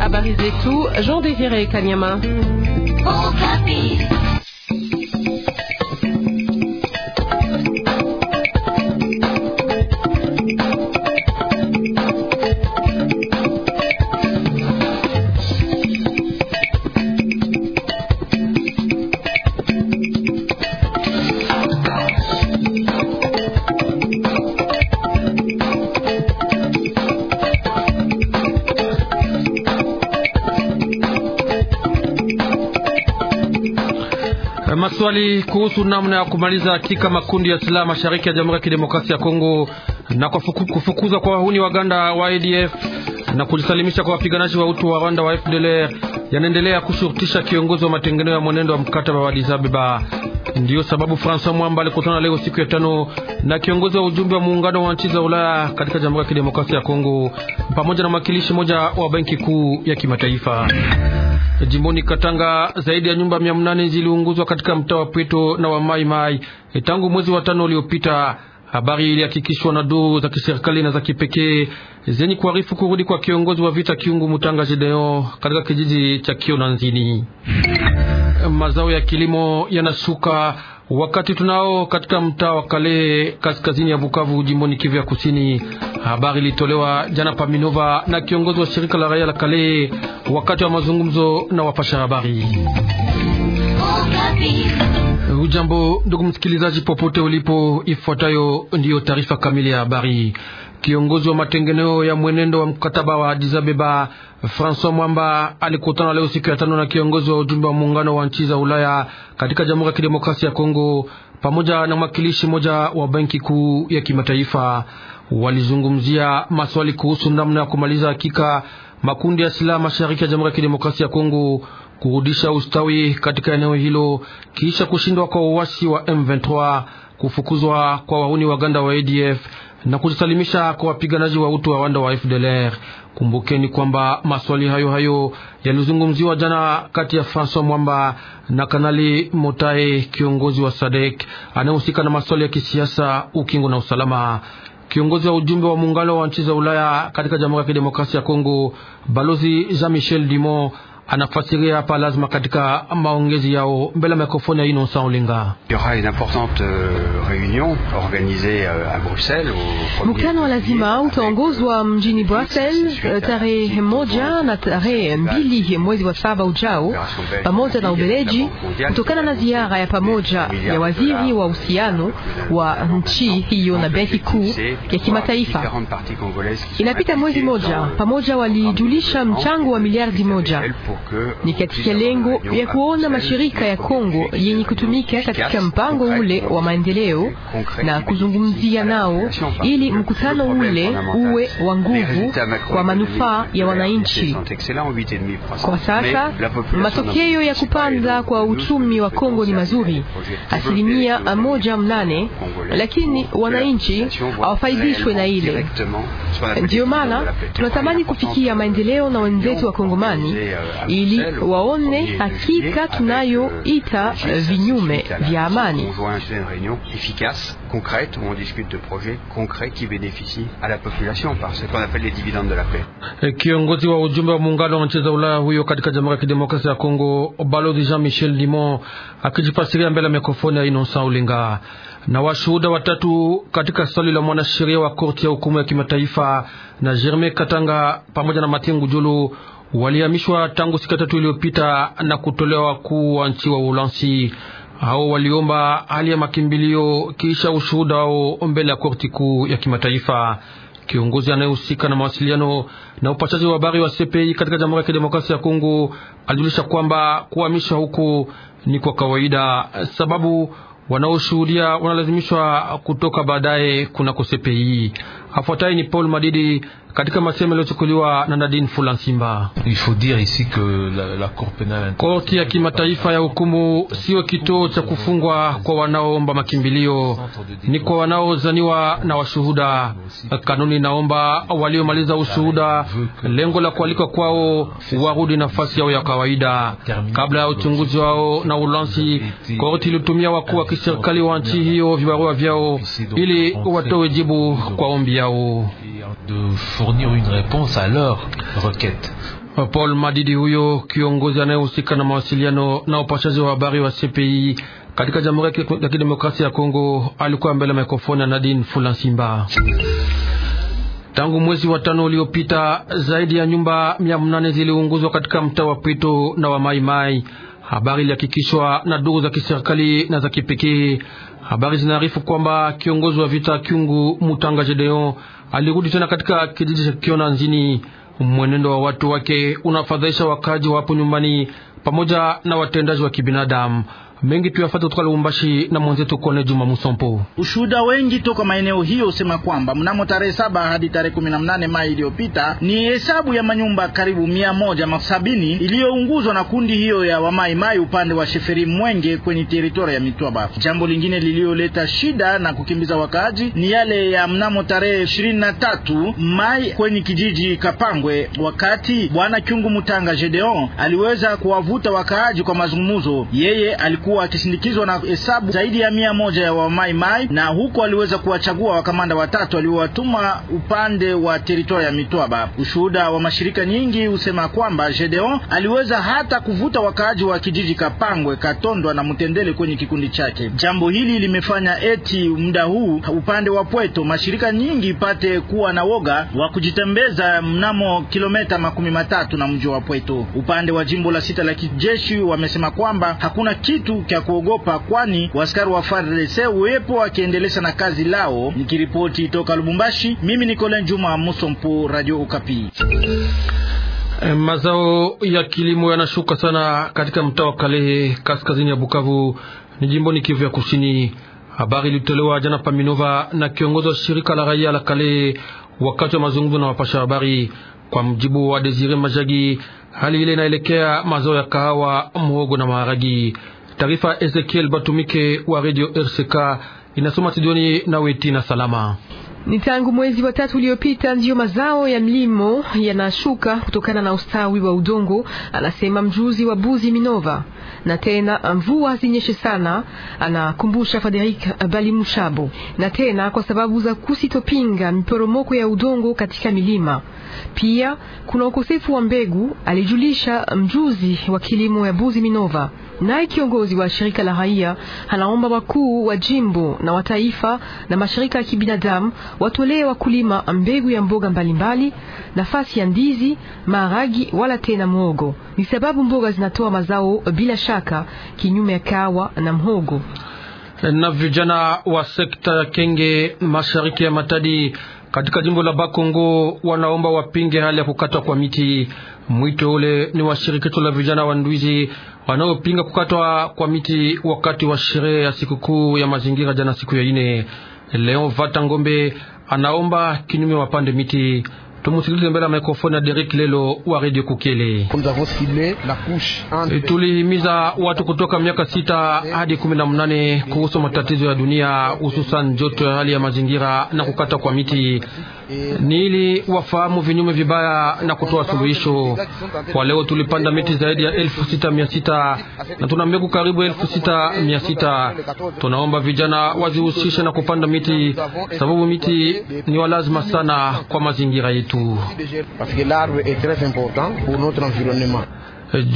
Habari zetu Jean Désiré Kanyama. Okapi. swali kuhusu namna ya kumaliza hakika makundi ya silaha mashariki ya Jamhuri ya Kidemokrasia ya Kongo na kwa fuku, kufukuza kwa wahuni Waganda wa ADF na kujisalimisha kwa wapiganaji wa utu wa Rwanda wa FDLR yanaendelea kushurutisha kiongozi wa matengenezo ya mwenendo wa mkataba wa Addis Ababa. Ndiyo sababu François Mwamba alikutana leo siku ya tano na kiongozi wa ujumbe wa muungano wa nchi za Ulaya katika Jamhuri ya Kidemokrasia ya Kongo pamoja na mwakilishi mmoja wa Benki Kuu ya Kimataifa. Jimboni Katanga, zaidi ya nyumba mia mnane ziliunguzwa katika mtaa wa Pweto na wa Mai Mai e, tangu mwezi wa tano uliopita. Habari ilihakikishwa na duru za kiserikali na za kipekee zenye kuarifu kurudi kwa kiongozi wa vita Kiungu Mutanga Gedeon katika kijiji cha Kionanzini. Mazao ya kilimo yanashuka Wakati tunao katika mtaa wa Kale kaskazini ya Bukavu jimboni Kivu ya Kusini. Habari ilitolewa jana Paminova na kiongozi wa shirika la raia la Kale wakati wa mazungumzo na wapasha habari. Ujambo ndugu msikilizaji, popote ulipo, ifuatayo ndiyo taarifa kamili ya habari. Kiongozi wa matengeneo ya mwenendo wa mkataba wa Addis Ababa François Mwamba alikutana leo siku ya tano na kiongozi wa ujumbe wa muungano wa nchi za Ulaya katika Jamhuri ya Kidemokrasia ya Kongo pamoja na mwakilishi mmoja wa Benki Kuu ya Kimataifa. Walizungumzia maswali kuhusu namna ya kumaliza hakika makundi ya silaha mashariki ya Jamhuri ya Kidemokrasia ya Kongo, kurudisha ustawi katika eneo hilo kisha kushindwa kwa uasi wa M23, kufukuzwa kwa wahuni waganda wa ADF na kujisalimisha kwa wapiganaji wa utu wa Rwanda wa FDLR. Kumbukeni kwamba maswali hayo hayo yalizungumziwa jana kati ya francois Mwamba na Kanali Motae, kiongozi wa SADC anayehusika na maswali ya kisiasa, ukingo na usalama. Kiongozi wa ujumbe wa muungano wa nchi za Ulaya katika Jamhuri ya Kidemokrasia ya Kongo, Balozi Jean Michel Dumont anafasiria hapa lazima katika maongezi yao mbele ya mikrofoni ya Innocent Olenga. Euh, euh, Mkutano lazima utaongozwa euh, mjini Brussels tarehe moja na tarehe mbili mwezi wa saba ujao, pamoja na Ubeleji, kutokana na ziara ya pamoja ya waziri wa uhusiano wa nchi hiyo na benki kuu ya kimataifa. Inapita mwezi moja pamoja, walijulisha mchango wa miliardi moja ni katika lengo ya kuona mashirika ya Kongo yenye kutumika katika mpango ule wa maendeleo na kuzungumzia nao, ili mkutano ule uwe wa nguvu kwa manufaa ya wananchi. Kwa sasa matokeo ya kupanda kwa uchumi wa Kongo ni mazuri, asilimia moja mnane, lakini wananchi hawafaidishwe na ile. Ndiyo maana tunatamani kufikia maendeleo na wenzetu wa Kongomani ili waone hakika tunayoita euh, vinyume vya amani. concrète où on discute de projets concrets qui bénéficient à la population par ce qu'on appelle les dividendes de la paix. Eh, kiongozi wa ujumbe wa muungano wa nchi za Ulaya huyo katika Jamhuri ya Kidemokrasia ya Kongo, Balozi Jean Michel Limon akijifasiria mbele ya mikrofoni ya Innocent Ulinga na washuhuda watatu katika swali la mwanasheria wa korti ya hukumu ya kimataifa na Jerme Katanga pamoja na Matengu Julu walihamishwa tangu siku tatu iliyopita na kutolewa wakuu wa nchi wa Uholanzi. Hao waliomba hali ya makimbilio kisha ushuhuda wao mbele ya korti kuu ya kimataifa. Kiongozi anayehusika na mawasiliano na upashaji wa habari wa CPI katika Jamhuri ya Kidemokrasia ya Kongo alijulisha kwamba kuhamishwa huku ni kwa kawaida, sababu wanaoshuhudia wanalazimishwa kutoka baadaye kunako CPI. Afuatayi ni Paul Madidi katika masemo yaliyochukuliwa na Nadine simba Korti ya kimataifa ya hukumu siyo kituo cha kufungwa kwa wanaoomba makimbilio, ni kwa wanaozaniwa na washuhuda. Kanuni naomba waliomaliza ushuhuda, lengo la kualikwa kwao warudi nafasi yao ya kawaida. Kabla ya uchunguzi wao na ulansi, korti ilitumia wakuu wa kiserikali wa nchi hiyo vibarua vyao ili watoe jibu kwa ombi yao de fournir une réponse à leur requête. Euh, Paul Madidi huyo kiongozi anayehusika na mawasiliano na upashaji wa habari wa CPI katika Jamhuri ya Kidemokrasia ya Kongo alikuwa mbele ya mikrofoni ya Nadine Fulansimba. Tangu mwezi wa tano uliopita, zaidi ya nyumba mia nane ziliunguzwa katika mtaa wa Pwito na wa Maimai. Habari ilihakikishwa na duru za kiserikali na za kipekee. Habari zinaarifu kwamba kiongozi wa vita Kyungu Mutanga Gedeon alirudi tena katika kijiji cha kiona nzini Mwenendo wa watu wake unafadhaisha wakaji wapo nyumbani pamoja na watendaji wa kibinadamu mengi tuyafata kutoka Lubumbashi na mwenzetu Kone Juma Musompo. Ushuhuda wengi toka maeneo hiyo usema kwamba mnamo tarehe saba hadi tarehe kumi na mnane Mai iliyopita ni hesabu ya manyumba karibu mia moja masabini iliyounguzwa na kundi hiyo ya wamaimai upande wa Sheferi Mwenge kwenye teritoria ya Mitwaba. Jambo lingine liliyoleta shida na kukimbiza wakaaji ni yale ya mnamo tarehe ishirini na tatu Mai kwenye kijiji Kapangwe, wakati bwana Kyungu Mutanga Gedeon aliweza kuwavuta wakaaji kwa mazungumzo. Yeye alikuwa alikuwa akisindikizwa na hesabu zaidi ya mia moja ya wamaimai, na huko aliweza kuwachagua wakamanda watatu aliowatuma upande wa teritoria ya Mitwaba. Ushuhuda wa mashirika nyingi husema kwamba Gedeon aliweza hata kuvuta wakaaji wa kijiji Kapangwe, Katondwa na Mtendele kwenye kikundi chake. Jambo hili limefanya eti muda huu upande wa Pweto mashirika nyingi ipate kuwa na woga wa kujitembeza mnamo kilometa makumi matatu na mji wa Pweto. Upande wa jimbo la sita la kijeshi wamesema kwamba hakuna kitu kitu cha kuogopa, kwani waskari wa FARDC wepo wakiendeleza na kazi lao. Nikiripoti toka Lubumbashi, mimi ni Kolen Juma Musompo, Radio Okapi. Eh, mazao ya kilimo yanashuka sana katika mtaa wa Kalehe kaskazini ya Bukavu, ni jimboni Kivu ya Kusini. Habari ilitolewa jana Paminova na kiongozi wa shirika la raia la Kalehe wakati wa mazungumzo na wapasha habari. Kwa mjibu wa Desire Majagi, hali ile inaelekea mazao ya kahawa, muhogo na maharagi. Taarifa Ezekiel Batumike wa Radio RCK inasoma studioni na weti na salama. Ni tangu mwezi wa tatu uliopita ndiyo mazao ya mlimo yanashuka kutokana na ustawi wa udongo, anasema mjuzi wa Buzi Minova na tena uh, mvua zinyeshe sana, anakumbusha Frederik Balimushabo, na tena kwa sababu za kusitopinga miporomoko ya udongo katika milima. Pia kuna ukosefu wa mbegu, alijulisha mjuzi wa kilimo ya Buzi Minova. Naye kiongozi wa shirika la raia anaomba wakuu wa jimbo na wa taifa na mashirika ya kibinadamu watolee wakulima mbegu ya mboga mbalimbali, nafasi ya ndizi, maharagi wala tena mwogo, ni sababu mboga zinatoa mazao bila shaka shaka, kinyume ya kawa na mhogo. Na vijana wa sekta ya Kenge mashariki ya Matadi katika jimbo la Bakongo wanaomba wapinge hali ya kukatwa kwa miti. Mwito ule ni wa shirikisho la vijana wa Ndwizi wanaopinga kukatwa kwa miti wakati wa sherehe ya sikukuu ya mazingira jana siku ya ine. Leon Vata Ngombe anaomba kinyume wapande miti. Tumusikilize mbele ya mikrofoni ya Derek Lelo wa Radio Kukele. Eh, tulihimiza watu kutoka miaka sita hadi kumi na mnane kuhusu matatizo ya dunia, hususan joto ya hali ya mazingira na kukata kwa miti nili wafahamu vinyume vibaya na kutoa suluhisho. Kwa leo tulipanda miti zaidi ya elfu sita mia sita na tuna mbegu karibu elfu sita mia sita. Tunaomba vijana wazihusishe na kupanda miti, sababu miti ni wa lazima sana kwa mazingira yetu.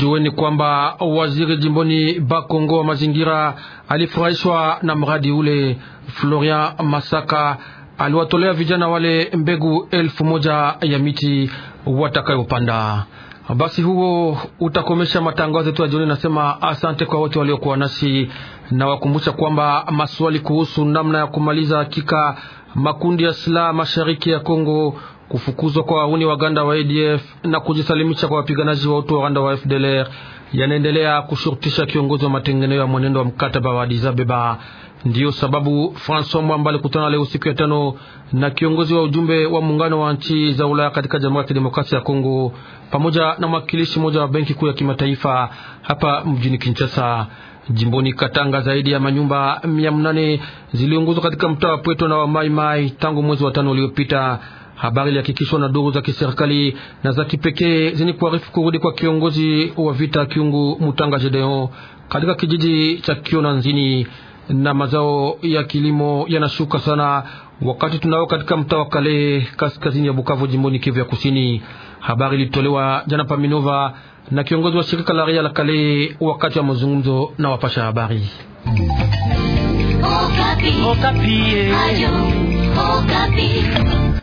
Jueni kwamba waziri jimboni Bakongo wa mazingira alifurahishwa na mradi ule. Florian Masaka aliwatolea vijana wale mbegu elfu moja ya miti watakayopanda. Basi huo utakomesha matangazo yetu ya jioni. Nasema asante kwa wote waliokuwa nasi na wakumbusha kwamba maswali kuhusu namna ya kumaliza hakika makundi ya silaha mashariki ya Kongo Kufukuzwa kwa wahuni Waganda wa ADF na kujisalimisha kwa wapiganaji wa utu Waganda wa FDLR yanaendelea kushurutisha kiongozi wa matengenezo ya mwenendo wa mkataba wa Addis Ababa. Ndiyo sababu Francois Mwamba alikutana leo siku ya tano na kiongozi wa ujumbe wa muungano wa nchi za Ulaya katika Jamhuri ya Kidemokrasia ya Kongo pamoja na mwakilishi mmoja wa benki kuu ya kimataifa hapa mjini Kinshasa. Jimboni Katanga, zaidi ya manyumba mia nane ziliunguzwa katika mtaa wa Pweto na wa Maimai tangu mwezi wa tano uliopita. Habari ilihakikishwa na duru za kiserikali na za kipekee zenye kuarifu kurudi kwa kiongozi wa vita Kiungu Mutanga Gedeon katika kijiji cha nzini na mazao ya kilimo yanashuka sana wakati tunao katika mtaa wa Kale kaskazini ya Bukavu jimboni Kivu ya Kusini. Habari ilitolewa jana pa Minova na kiongozi wa shirika la raia la Kale wakati wa mazungumzo na wapasha habari. Okapi. Okapi. Eh.